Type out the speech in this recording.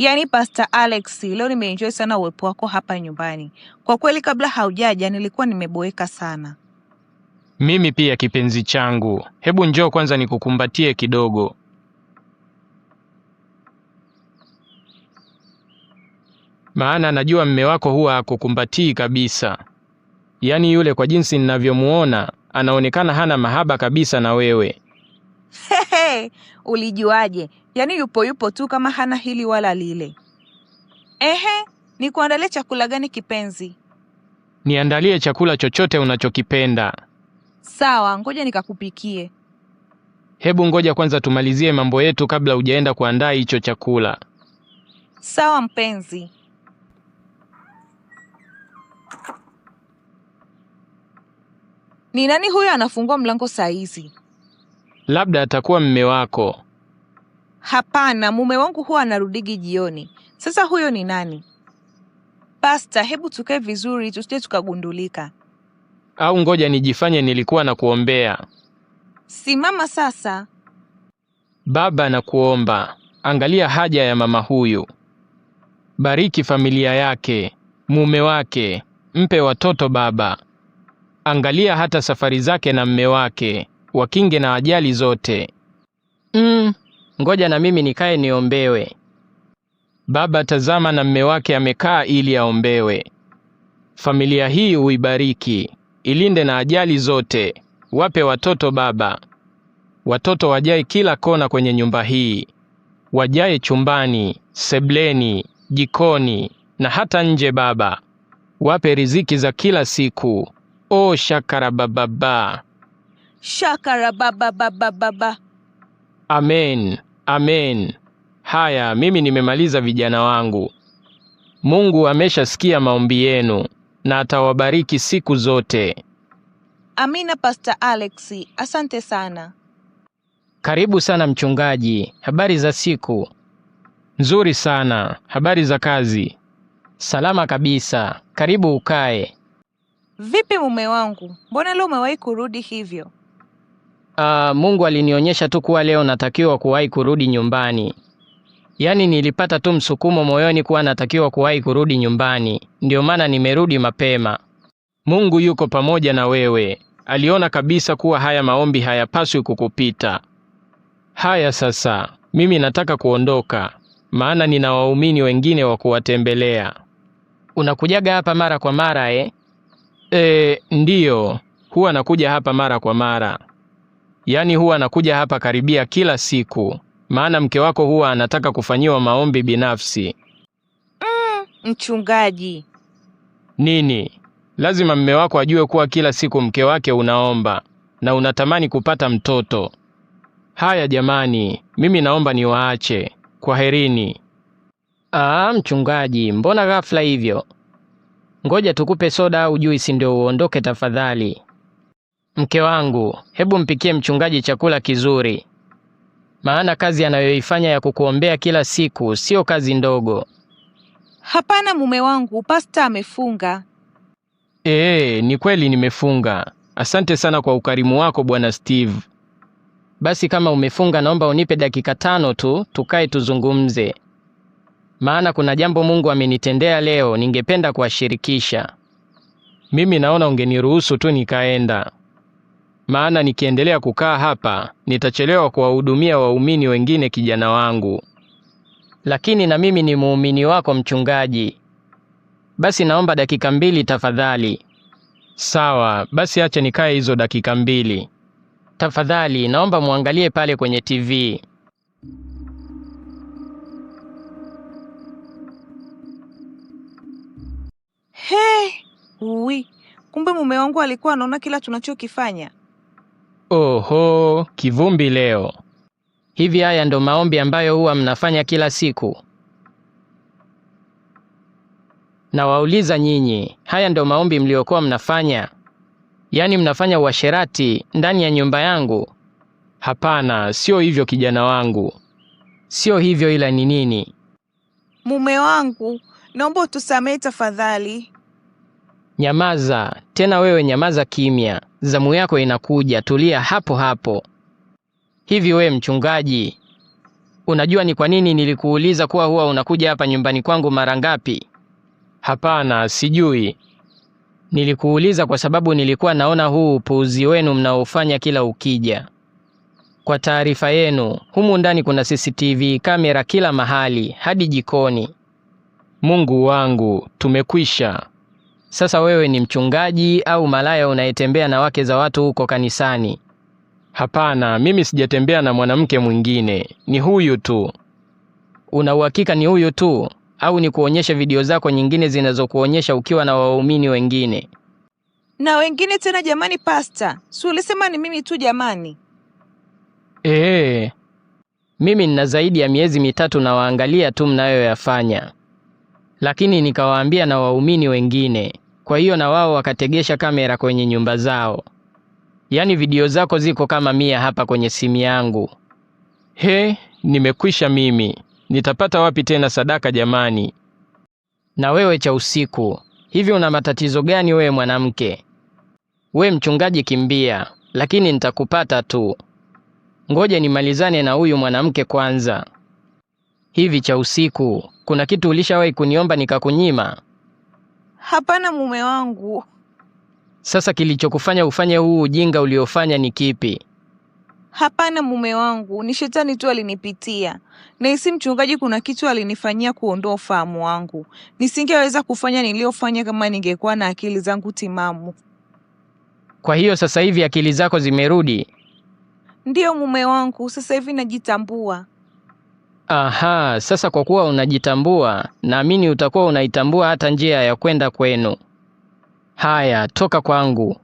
Yaani Pastor Alex, leo nimeenjoy sana uwepo wako hapa nyumbani. Kwa kweli kabla haujaja nilikuwa nimeboeka sana. Mimi pia kipenzi changu. Hebu njoo kwanza nikukumbatie kidogo. Maana najua mme wako huwa hakukumbatii kabisa. Yaani yule kwa jinsi ninavyomuona anaonekana hana mahaba kabisa na wewe. Hehe, ulijuaje? Yaani yupo yupo tu kama hana hili wala lile. Ehe, nikuandalie chakula gani kipenzi? Niandalie chakula chochote unachokipenda. Sawa, ngoja nikakupikie. Hebu ngoja kwanza tumalizie mambo yetu kabla hujaenda kuandaa hicho chakula. Sawa mpenzi. Ni nani huyo anafungua mlango saa hizi? Labda atakuwa mme wako. Hapana, mume wangu huwa anarudigi jioni. Sasa huyo ni nani? Pasta, hebu tukae vizuri tusije tukagundulika. Au ngoja nijifanye nilikuwa na kuombea. Simama sasa. Baba, nakuomba angalia haja ya mama huyu, bariki familia yake, mume wake, mpe watoto Baba, angalia hata safari zake na mme wake, wakinge na ajali zote. Mm, ngoja na mimi nikae niombewe. Baba tazama na mme wake amekaa ili aombewe. Familia hii uibariki, ilinde na ajali zote. Wape watoto Baba, watoto wajae kila kona kwenye nyumba hii, wajae chumbani, sebleni, jikoni na hata nje. Baba, wape riziki za kila siku. O shakara bababa shakara baba baba baba. Amen, amen. Haya, mimi nimemaliza vijana wangu. Mungu ameshasikia maombi yenu na atawabariki siku zote. Amina, Pastor Alex, asante sana. Karibu sana mchungaji. Habari za siku? Nzuri sana. Habari za kazi? Salama kabisa. Karibu ukae. Vipi mume wangu, mbona leo umewahi kurudi hivyo? uh, Mungu alinionyesha tu kuwa leo natakiwa kuwahi kurudi nyumbani. Yaani nilipata tu msukumo moyoni kuwa natakiwa kuwahi kurudi nyumbani, ndio maana nimerudi mapema. Mungu yuko pamoja na wewe. Aliona kabisa kuwa haya maombi hayapaswi kukupita. Haya sasa, mimi nataka kuondoka, maana nina waumini wengine wa kuwatembelea. Unakujaga hapa mara kwa mara eh? Eh, ndiyo, huwa nakuja hapa mara kwa mara. Yaani huwa anakuja hapa karibia kila siku, maana mke wako huwa anataka kufanyiwa maombi binafsi. Mm, mchungaji nini? Lazima mme wako ajue kuwa kila siku mke wake unaomba na unatamani kupata mtoto. Haya jamani, mimi naomba niwaache. Kwaherini. Ah, mchungaji, mbona ghafla hivyo? Ngoja tukupe soda au juisi ndio uondoke tafadhali. Mke wangu, hebu mpikie mchungaji chakula kizuri, maana kazi anayoifanya ya kukuombea kila siku siyo kazi ndogo. Hapana mume wangu, pasta amefunga. Ee, ni kweli nimefunga. Asante sana kwa ukarimu wako bwana Steve. Basi kama umefunga, naomba unipe dakika tano tu tukae tuzungumze, maana kuna jambo Mungu amenitendea leo, ningependa kuwashirikisha. Mimi naona ungeniruhusu tu nikaenda maana nikiendelea kukaa hapa nitachelewa kuwahudumia waumini wengine kijana wangu. Lakini na mimi ni muumini wako mchungaji. Basi naomba dakika mbili tafadhali. Sawa, basi acha nikae hizo dakika mbili. Tafadhali naomba muangalie pale kwenye TV. Hey, ui, kumbe mume wangu alikuwa anaona kila tunachokifanya. Oho, kivumbi leo! Hivi haya ndo maombi ambayo huwa mnafanya kila siku? Nawauliza nyinyi, haya ndo maombi mliokuwa mnafanya? Yaani mnafanya uasherati ndani ya nyumba yangu? Hapana, sio hivyo kijana wangu, sio hivyo. Ila ni nini? Mume wangu, naomba utusamehe tafadhali. Nyamaza tena wewe, nyamaza kimya, zamu yako inakuja, tulia hapo hapo. Hivi we mchungaji, unajua ni kwa nini nilikuuliza kuwa huwa unakuja hapa nyumbani kwangu mara ngapi? Hapana, sijui. Nilikuuliza kwa sababu nilikuwa naona huu upuuzi wenu mnaofanya kila ukija. Kwa taarifa yenu, humu ndani kuna CCTV kamera kila mahali, hadi jikoni. Mungu wangu, tumekwisha. Sasa wewe ni mchungaji au malaya unayetembea na wake za watu huko kanisani? Hapana, mimi sijatembea na mwanamke mwingine, ni huyu tu. Una uhakika ni huyu tu au ni kuonyesha video zako nyingine zinazokuonyesha ukiwa na waumini wengine? Na wengine tena jamani, pasta, si ulisema ni mimi tu jamani? Ee, mimi nina zaidi ya miezi mitatu nawaangalia tu mnayoyafanya, lakini nikawaambia na waumini wengine kwa hiyo na wao wakategesha kamera kwenye nyumba zao. Yaani video zako ziko kama mia hapa kwenye simu yangu. He, nimekwisha mimi. Nitapata wapi tena sadaka jamani? Na wewe cha usiku, hivi una matatizo gani wewe mwanamke? We mchungaji kimbia, lakini nitakupata tu. Ngoja nimalizane na huyu mwanamke kwanza. Hivi cha usiku, kuna kitu ulishawahi kuniomba nikakunyima? Hapana mume wangu. Sasa kilichokufanya ufanye huu ujinga uliofanya ni kipi? Hapana mume wangu, ni shetani tu alinipitia. Nahisi mchungaji, kuna kitu alinifanyia kuondoa ufahamu wangu. Nisingeweza kufanya niliyofanya kama ningekuwa na akili zangu timamu. Kwa hiyo sasa hivi akili zako zimerudi? Ndiyo mume wangu, sasa hivi najitambua. Aha, sasa kwa kuwa unajitambua, naamini utakuwa unaitambua hata njia ya kwenda kwenu. Haya, toka kwangu.